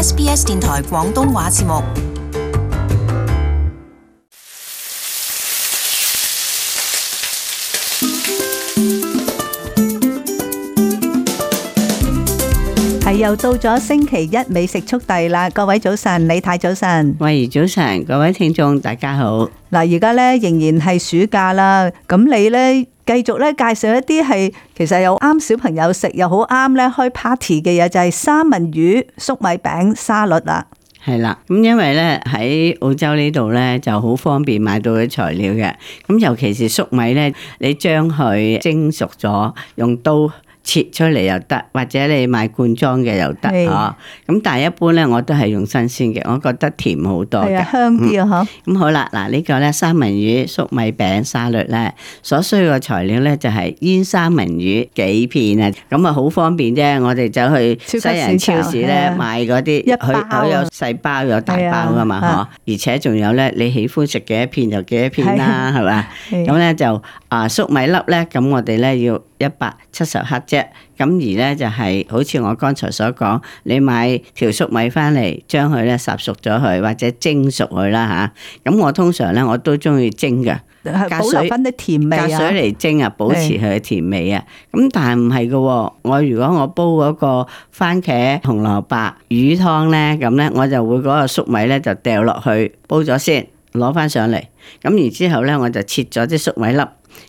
SBS 電台廣東話節目。係又到咗星期一美食速遞啦！各位早晨，李太早晨，喂，早晨，各位聽眾大家好。嗱，而家咧仍然係暑假啦，咁你咧繼續咧介紹一啲係其實又啱小朋友食又好啱咧開 party 嘅嘢，就係三文魚粟米餅沙律啦。係啦，咁因為咧喺澳洲呢度咧就好方便買到嘅材料嘅，咁尤其是粟米咧，你將佢蒸熟咗，用刀。切出嚟又得，或者你買罐裝嘅又得嚇。咁但係一般咧，我都係用新鮮嘅，我覺得甜多、嗯、好多嘅，香啲啊嚇。咁好啦，嗱呢個咧三文魚粟米餅沙律咧，所需要嘅材料咧就係、是、煙三文魚幾片啊。咁啊好方便啫，我哋走去西人超市咧買嗰啲，佢佢有細包有大包噶嘛嗬，是是，而且仲有咧，你喜歡食幾多片就幾多片啦，係嘛？咁咧就啊粟米粒咧，咁、啊啊啊、我哋咧要一百七十克啫。咁而咧就係、是、好似我剛才所講，你買條粟米翻嚟，將佢咧烚熟咗佢，或者蒸熟佢啦吓。咁、啊、我通常咧我都中意蒸嘅，保留翻啲甜味啊。加水嚟蒸啊，保持佢嘅甜味啊。咁是但係唔係嘅，我如果我煲嗰個番茄紅蘿蔔魚湯咧，咁咧我就會嗰個粟米咧就掉落去煲咗先，攞翻上嚟。咁然之後咧，我就切咗啲粟米粒。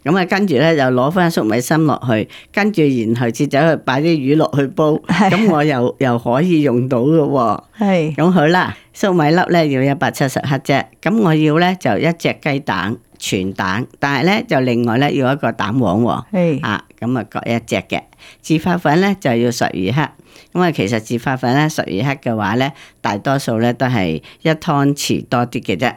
咁啊，跟住咧就攞翻粟米芯落去，跟住然後切走去，擺啲魚落去煲。咁 我又又可以用到嘅喎。咁 好啦，粟米粒咧要一百七十克啫。咁我要咧就一隻雞蛋全蛋，但係咧就另外咧要一個蛋黃喎。 啊，咁啊各一隻嘅。自發粉咧就要十二克。咁啊，其實自發粉咧十二克嘅話咧，大多數咧都係一湯匙多啲嘅啫。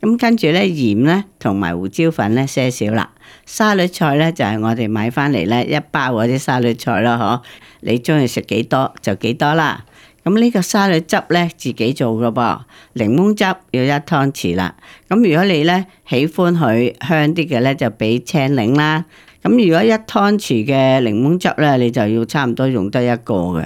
咁跟住咧鹽咧同埋胡椒粉咧些少啦。沙律菜咧就係我哋買翻嚟咧一包嗰啲沙律菜咯，嗬！你中意食幾多就幾多啦。咁呢個沙律汁咧自己做嘅噃，檸檬汁要一湯匙啦。咁如果你咧喜歡佢香啲嘅咧，就俾青檸啦。咁如果一湯匙嘅檸檬汁咧，你就要差唔多用得一個嘅。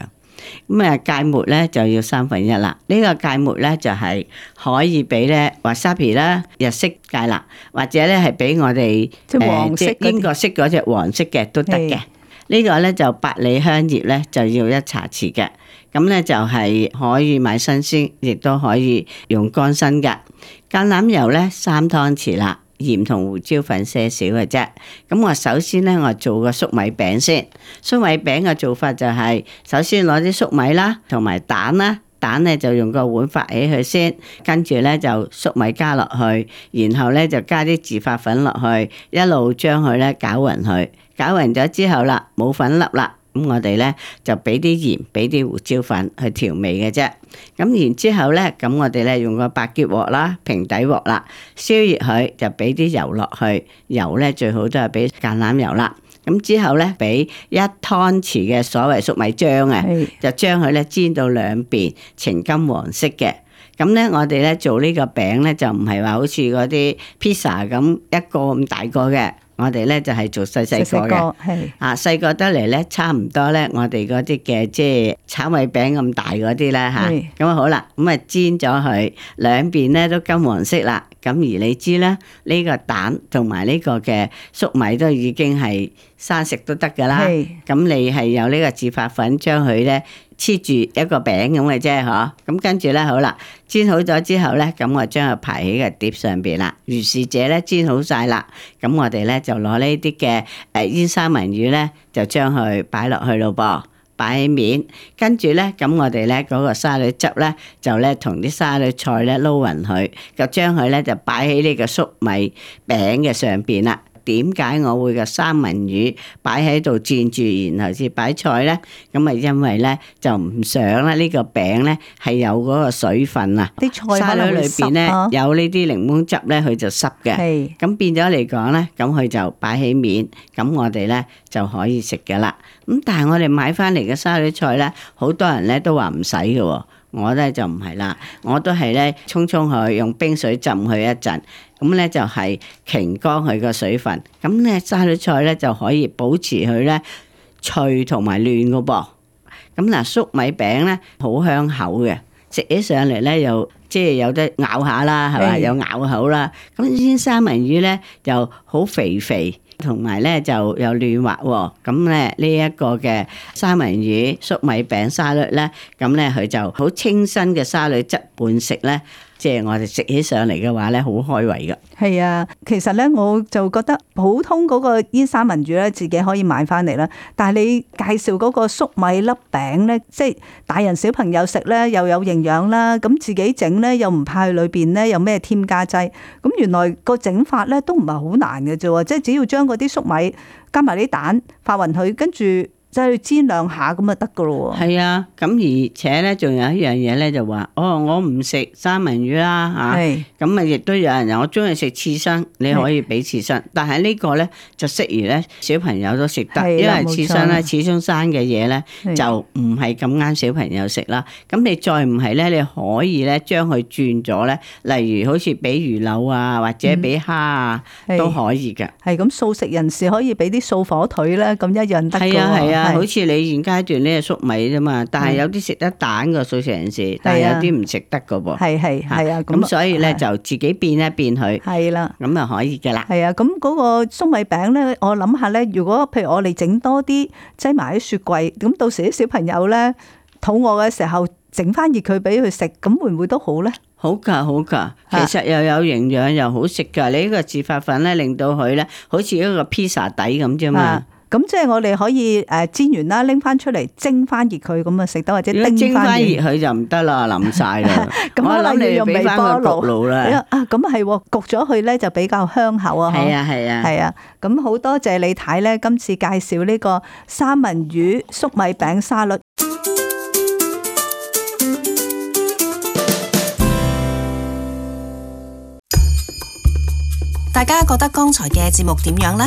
咁啊芥末咧就要三分一啦，呢、這個芥末咧就係、是、可以俾咧 wasabi 啦，日式芥辣，或者咧係俾我哋即黃色、呃、英國式嗰隻黃色嘅都得嘅，是個呢個咧就百里香葉咧就要一茶匙嘅，咁咧就係、是、可以買新鮮亦都可以用乾身嘅橄欖油咧三湯匙啦。鹽同胡椒粉些少嘅啫，咁我首先呢，我做個粟米餅先。粟米餅嘅做法就係，首先攞啲粟米啦，同埋蛋啦，蛋呢，就用個碗發起佢先，跟住呢，就粟米加落去，然後呢，就加啲自發粉落去，一路將佢呢攪勻佢，攪勻咗之後啦，冇粉粒啦。咁我哋咧就俾啲鹽，俾啲胡椒粉去調味嘅啫。咁然之後咧，咁我哋咧用個白潔鑊啦，平底鑊啦，燒熱佢，就俾啲油落去，油咧最好都係俾橄欖油啦。咁之後咧，俾一湯匙嘅所謂粟米漿啊，的就將佢咧煎到兩邊呈金黃色嘅。咁咧我哋咧做呢個餅咧就唔係話好似嗰啲 pizza 咁一個咁大個嘅。我哋咧就係做細細個嘅，啊細個得嚟咧差唔多咧，我哋嗰啲嘅即係炒米餅咁大嗰啲啦吓，咁好啦，咁啊煎咗佢，兩邊咧都金黃色啦，咁而你知啦，呢個蛋同埋呢個嘅粟米都已經係生食都得噶啦，咁是你係有呢個自發粉將佢咧。黐住一個餅咁嘅啫，嗬、嗯，咁、嗯、跟住咧好啦，煎好咗之後咧，咁、嗯、我將佢排喺個碟上邊啦。如是者咧煎好晒啦，咁、嗯、我哋咧就攞呢啲嘅誒煙三文魚咧，就將佢擺落去咯噃，擺喺面。跟住咧，咁我哋咧嗰個沙律汁咧，就咧同啲沙律菜咧撈勻佢，就將佢咧就擺喺呢個粟米餅嘅上邊啦。點解我會個三文魚擺喺度墊住，然後先擺菜咧？咁啊，因為咧就唔想啦，呢個餅咧係有嗰個水分啊，啲菜沙律裏邊咧有呢啲檸檬汁咧，佢就濕嘅。咁的變咗嚟講咧，咁佢就擺起面，咁我哋咧就可以食嘅啦。咁但係我哋買翻嚟嘅沙律菜咧，好多人咧都話唔使嘅喎。我咧就唔係啦，我都係咧，沖沖佢，用冰水浸佢一陣，咁咧就係、是、擎乾佢個水分，咁咧沙律菜咧就可以保持佢咧脆同埋嫩嘅噃。咁嗱，粟米餅咧好香口嘅，食起上嚟咧又即係有得咬下啦，係咪、欸、有咬口啦？咁煎三文魚咧又好肥肥。同埋咧就又嫩滑喎、哦，咁咧呢一、這個嘅三文魚粟米餅沙律咧，咁咧佢就好清新嘅沙律汁拌食咧。即係我哋食起上嚟嘅話咧，好開胃噶。係啊，其實咧我就覺得普通嗰個煙三文魚咧，自己可以買翻嚟啦。但係你介紹嗰個粟米粒餅咧，即係大人小朋友食咧又有營養啦。咁自己整咧又唔怕佢裏邊咧有咩添加劑。咁原來個整法咧都唔係好難嘅啫，即係只要將嗰啲粟米加埋啲蛋發勻佢，跟住。就煎兩下咁就得噶咯喎！係啊，咁而且咧，仲有一樣嘢咧就話，哦，我唔食三文魚啦嚇，咁咪亦都有人話我中意食刺身，你可以俾刺身，但係呢個咧就適宜咧小朋友都食得，因為刺身咧，刺身生嘅嘢咧就唔係咁啱小朋友食啦。咁你再唔係咧，你可以咧將佢轉咗咧，例如好似俾魚柳啊，或者俾蝦啊，都可以噶。係咁素食人士可以俾啲素火腿咧，咁一樣得噶喎。好似你現階段呢，係粟米啫嘛，但係有啲食得蛋嘅素食人士，但係有啲唔食得嘅噃。係係係啊，咁所以咧就自己變一變佢，係啦，咁啊可以嘅啦。係啊，咁嗰個粟米餅咧，我諗下咧，如果譬如我哋整多啲，擠埋喺雪櫃，咁到時啲小朋友咧，肚餓嘅時候整翻熱佢俾佢食，咁會唔會都好咧？好噶，好噶，其實又有營養是、啊、又好食噶。你、這、呢個自發粉咧，令到佢咧，好似一個披薩底咁啫嘛。啊咁即係我哋可以誒煎完啦，拎翻出嚟蒸翻熱佢，咁啊食得或者叮翻熱佢就唔得啦，淋曬啦，我諗你哋俾翻個焗爐啦。啊，咁啊係喎，焗咗佢咧就比較香口啊。係啊係啊係啊，咁好多謝李太咧，今次介紹呢個三文魚粟米餅沙律。大家覺得剛才嘅節目點樣咧？